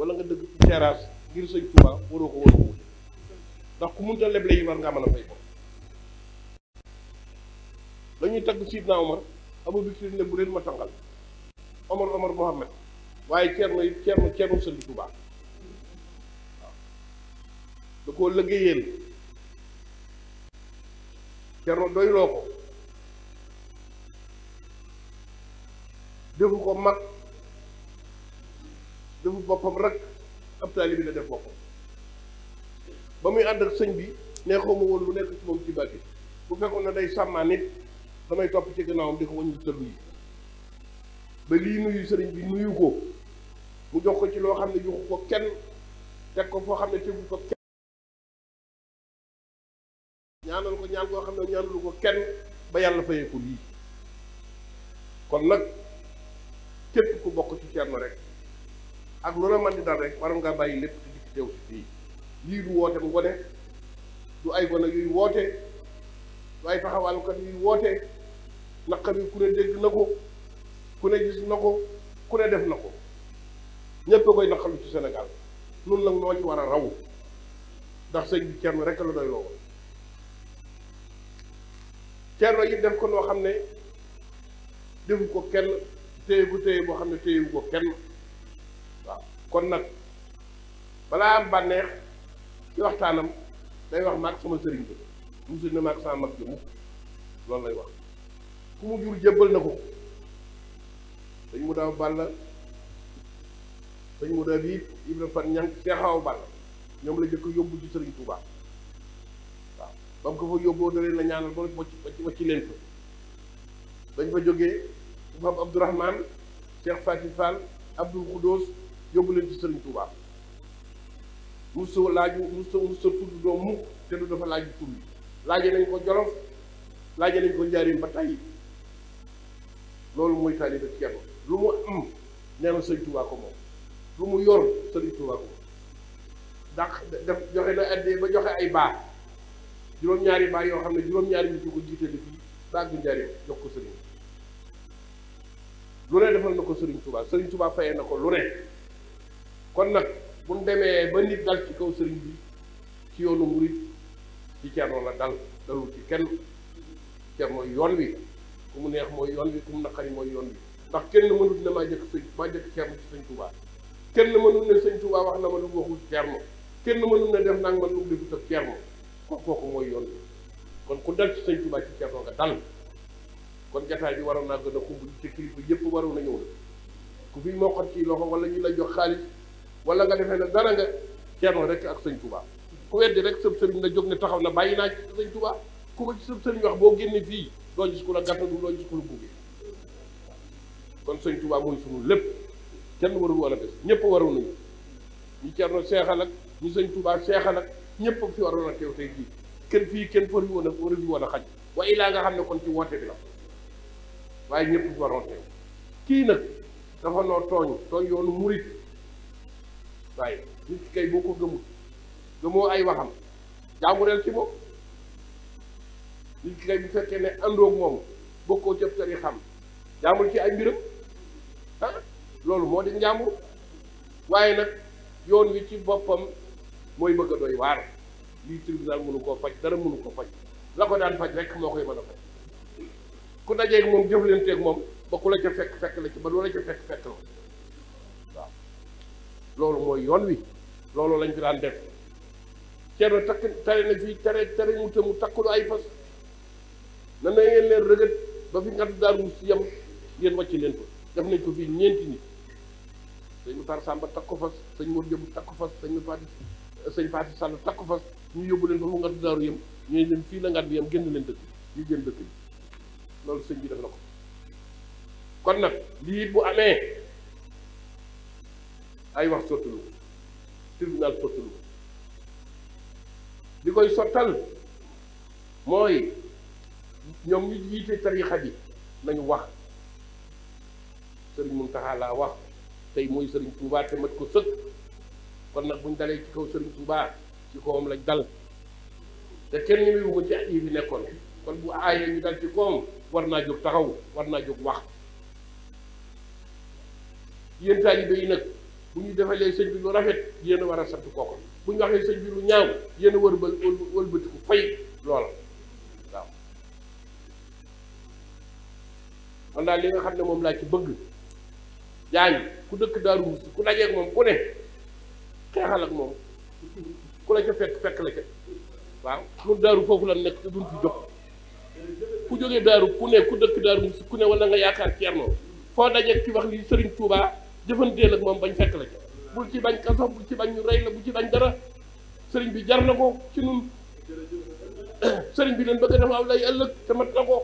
wala nga dëkk ci terrasse ngir sëñ Tuubaa waroo ko waroo ko wute ndax ku munta leble yi war ngaa mën a fay ko dañuy tagg Sidna Omar Abu Bakr ne bu leen ma tàngal Omar Omar Mohammed waaye ceerno yi ceerno ceerno sëñ Tuubaa waaw da koo doyloo ko defu ko mag defu boppam rek ab bi la def boppam ba muy ànd ak sëñ bi neexoo ma woon lu nekk ci moom ci bàgge bu fekkoon ne day sàmmaa damay topp ci gannaawam di ko wàññi tëllu yi ba lii nuyu sëriñ bi nuyu mu jox ko ci loo xam ne joxu ko kenn ko foo xam ne tegu ko ñaanal ko ñaan koo xam ne ñaanalu ko kenn ba yàlla fayee ko lii kon nag képp ko bokk ci Ceerno rek ak lu la mën di dal rek waroon ngaa bàyyi lépp di teew ci fii lii du woote bu gone du ay gone yuy woote du ay taxawalkat yuy woote naqar yi ku ne dégg na ko ku ne gis na ko ku ne def na ko ñépp a koy naqaru ci Sénégal noonu nag noo ci war a raw ndax sëñ bi Thierno rek la doy loo woon Thierno yi def ko noo xam ne defu ko kenn téye bu téye boo xam ne téyewu ko kenn kon nag balaa am bànneex ci waxtaanam day wax maag sama sëriñ bi musul na maag sama mag bi mukk loolu lay wax ku mu jur jébbal na ko dañ mu daaw bàll dañ mu daaw biib ibra fan ñank seexaw bàll ñoom la jëkk yóbbu ci sëriñ Touba waaw ba mu ko fa yóbboo da leen la ñaanal ba wacc wacc leen fa dañ fa jógee mu am Abdourahman Cheikh Faty Fall Abdoul Khoudous yóbbu leen ci sëriñ Touba musa laaju musa musa tudd doom mukk te du dafa laaj tur bi nañ ko Jolof laaje nañ ko Njaaréem ba tey loolu mooy taalibe kenn lu mu am mu yor sëriñ Touba joxe na ba joxe ay baax juróom-ñaari baa yoo xam ne juróom-ñaari nit yu ko jiite fii ba àgg Njaaréem jox ko sëriñ lu ne defal na ko sëriñ Touba sëriñ Touba fayee na ko lu ne kon nag bu demee ba nit dal ci kaw sëriñ bi ci yoonu murit ci cerno la dal dalul ci kenn cerno yoon wi ku mu neex mooy yoon wi ku na naqari mooy yoon wi ndax kenn mënut ne maa jëkk sëñ maa jëkk cerno ci sëñ Tuubaa kenn mënut ne sëñ Tuubaa wax na ma lu waxul kenn mënut ne def naa man lu defut ak kooku mooy yoon wi kon ku dal ci sëñ Tuubaa ci cerno nga dal kon jataay bi waroon naa gën a xumb ci kilifa yépp waroon na ñëw na ku fi moo ci loxo wala ñu la jox xaalis wala nga defee ne dara nga ceerno rek ak sëñ Touba ku weddi rek sëb sëriñ nga jóg ne taxaw na bàyyi naa ci sëñ Touba ku ko ci sëb sëriñ wax boo génne fii doo gis ku la gàttadu doo gis ku la buggee kon sëñ Touba lépp kenn warul wala bés ñëpp waroon nañu ñu ceerno seexal ak ñu sëñ Touba ñëpp fi waroon a teew tey jii kenn fii kenn fari woon a wara fi a xaj waaye laa nga xam ne kon ci woote bi la waaye ñëpp fi waroon teew kii nag dafa noo tooñ tooñ yoonu murit waaye nit kay boo ko gëmul gëmoo ay waxam jaamureel ci moom nit ki kay bu fekkee ne àndoog moom bokkoo jëf tari xam jaamul ci ay mbiram ah, loolu moo di njàmbur waaye nag yoon wi ci boppam mooy bëgg a doy waar lii tribunal mënu koo faj dara mënu ko faj la ko daan faj rekk moo koy mën a faj ku dajeeg moom jëflanteeg moom ba ku la ca fekk fekk la ci ba lu la ca fekk fekk la loolu mooy yoon wi looloo lañ fi daan def ceerno takk tare na fii tare tare mu te mu takkulu ay fas na na ngeen leen rëgët ba fi ngatu daaru si yem ngeen wàcc leen fa def nañ ko fii ñeenti nit sëñ Moutar Samba ko fas sëñ Mor Jëm takk ko fas sëñ sëñ Fati Sall takk ko fas ñu leen fa mu ngatu daaru yem ñooy leen fii la ngat bi yem génn leen dëkk ñu loolu sëñ bi def na ko kon nag lii bu amee ay wax sottalu ko tribunal sottalu li koy sottal mooy ñoom ñu jiite tarixa bi nañu wax sëriñ Muntaxa laa wax tey mooy sëriñ Tuubaa te mat ko sëkk kon nag buñ dalee ci kaw sëriñ Tuubaa ci kawam lañ dal te kenn ñu wu ko ci at yi nekkoon kon bu aayee ñu dal ci kawam war naa jóg taxaw war naa jóg wax yéen taalibe yi nag bu ñu defalee sëñ bi lu rafet yéen war a sant kooku bu ñu waxee sëñ bi lu ñaaw yéen a wër ba wëlbatiku fay loola waaw man daal li nga xam ne moom laa ci bëgg jaañ ku dëkk Daaru Muxti ku dajeeg moom ku ne xeexal ak moom la ca fekk fekk la ca waaw ñun daaru foofu la nekk te duñ fi jóg ku jógee daaru ku ne ku dëkk Daaru Muxti ku ne wala nga yaakaar moom foo dajeeg ci wax li Sëriñ Tuubaa jëfanteel ak moom bañ fekk la ci bul ci bañ kaso bul ci bañ ñu rey la bul ci bañ dara sëriñ bi jar na ko ci nun sëriñ bi leen bëgg a def aw lay ëllëg te mat na ko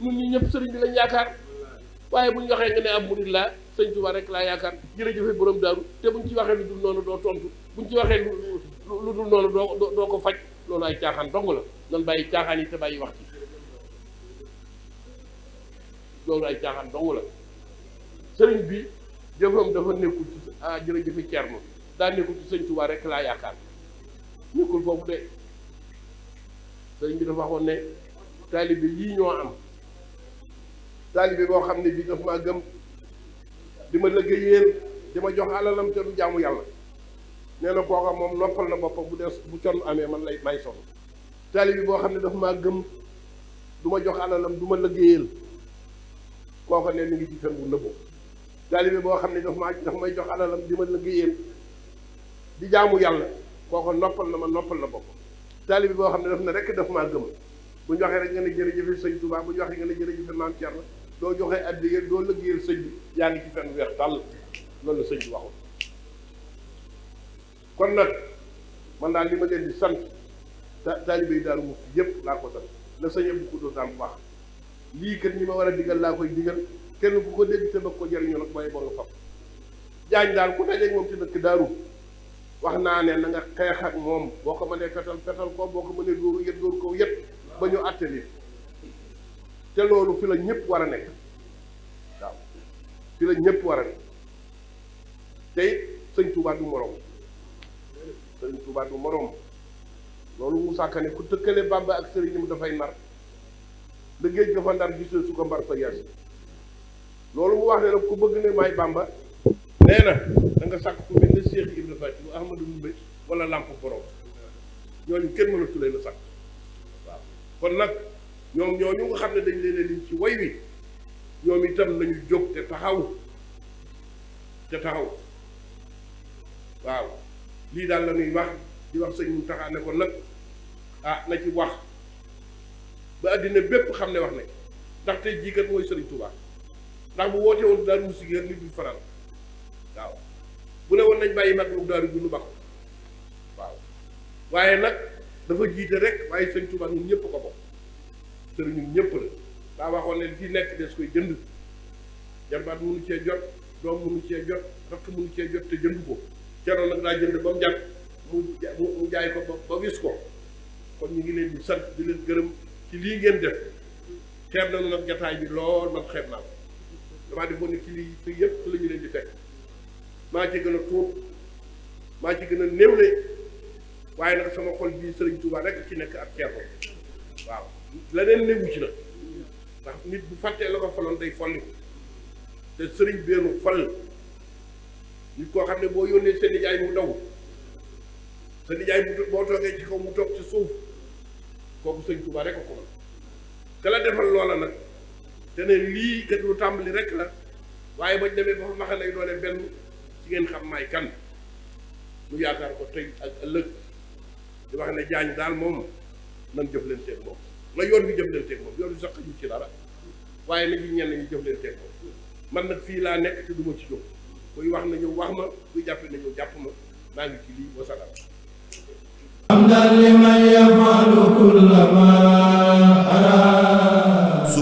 nun ñi ñëpp sëriñ bi lañ yaakaar waaye buñ waxee nga ne am murid laa sëñ Tuubaa rek laa yaakaar jërëjëfe borom daaru te buñ ci waxee lu dul noonu doo tontu buñ ci waxee lu lu dul noonu doo doo ko faj loolu ay caaxaan dong la nan bàyyi caaxaan yi te bàyyi wax ci loolu ay caaxaan dong la sëriñ bi jëfam dafa nekkul ci ah jërëjëfe Thierno daa nekkul ci sëñ Touba rek laa yaakaar nekkul foofu de sëñ bi dafa waxoon ne yii ñoo am taalibe boo xam ne bi daf maa gëm di ma liggéeyal di ma jox alalam te du jaamu yàlla nee na kooka moom noppal na boppam bu des bu con amee man lay may sonn taalibe boo xam ne daf maa gëm ma jox alalam du ma liggéeyal kooka ne mi taalibe boo xam ne dafa maa dafa may jox alalam di ma liggéeyal di jaamu yàlla kooko noppal na ma noppal na bopp taalibe boo xam ne daf na rek dafa maa gëm bu ñu waxee rek nga ne jërëjëf sëñ Touba bu ñu waxee nga ne jërëjëf maam Thierno doo joxe addiya bi yaa ngi ci fenn weer tàll loolu la sëñ bi waxul kon nag man daal li ma leen di sant ta taalibe yi daal mu yëpp laa ko sant la sëñ bu ko doon daan wax lii kat ñi ma war a digal laa koy digal kenn ku ko dégg te bëgg ko jëriñu nag booy boo nga fab jaañ daal ku dajeeg moom ci dëkk daaru wax naa ne na moom boo ko mënee fetal fetal ko boo ko mënee dóoru yët ko yët ba ñu àtte lii te la ñëpp war a nekk waaw fi la ñëpp war a nekk te it sëñ Tuubaa du moroom sëñ Tuubaa du moroom loolu Moussa Ka ne ku tëkkale Bàmba ak sëriñam dafay nar liggéey ga fa ndar gisee su ko mbar fa loolu mu wax ne la ku bëgg ne maay bàmba nee na da sàkk ku mel ne Cheikh Ibra Fati bu Ahmadou Mbaye wala làmp borom ñooñu kenn mënatu leen a sàkk waaw kon nag ñoom ñooñu nga xam ne dañ leen a ci way wi ñoom itam nañu jóg te taxaw te taxaw waaw lii daal la ñuy wax di wax sëñ Mountakha ne nag ah na ci wax ba àddina bépp xam ne wax nañ ndax tey jii kat mooy Sëriñ Tuubaa ndax bu woote woon daaru mu sigéer nit du faral waaw bu ne woon nañ bàyyi mag mu daaru gu nu bako waaw waaye nag dafa jiite rek waaye sëñ Tuubaa ñun ñëpp ko bokk sëriñ ñun la daa waxoon leen fii nekk des koy jënd jarbaat mënu cee jot doom mënu a jot rakk mënu cee jot te jënd ko ceroon nag daa jënd ba mu mu mu jaay ko ba ba wis ko kon ñu ngi leen di sant di leen gërëm ci lii ngeen def xeeb nañu nag jataay bi lool man xeeb naa ko damaa defoon ne ci lii yëpp lañu leen di fekk maa ci gën a tuub maa ci gën a néewle waaye nag sama xol bii Sëriñ Tuubaa rekk ci nekk ak ceerno waaw leneen néewu ci nag ndax nit bu fàttee la ko faloon day folli te sëriñ beenu fal nit koo xam ne boo yónnee seen nijaay mu daw sa nijaay mu boo toogee ci kaw mu toog ci suuf kooku Sëriñ Tuubaa rek ko ko te la defal loola nag te ne lii kat lu tàmbali rek la waaye bañ demee ba fa maxa lay doole benn ci ngeen xam maay kan mu yaakaar ko tey ak ëllëg di wax ne jaañ daal moom nan jëf leen teeg moom la yoon bi jëf leen teeg moom yoon bi sax ñu ci dara waaye nag ñu ñenn ñu jëf leen teeg moom man nag fii laa nekk te du ci jóg kuy wax na ñëw wax ma kuy jàppe na jàpp ma maa ngi ci lii wasalaam.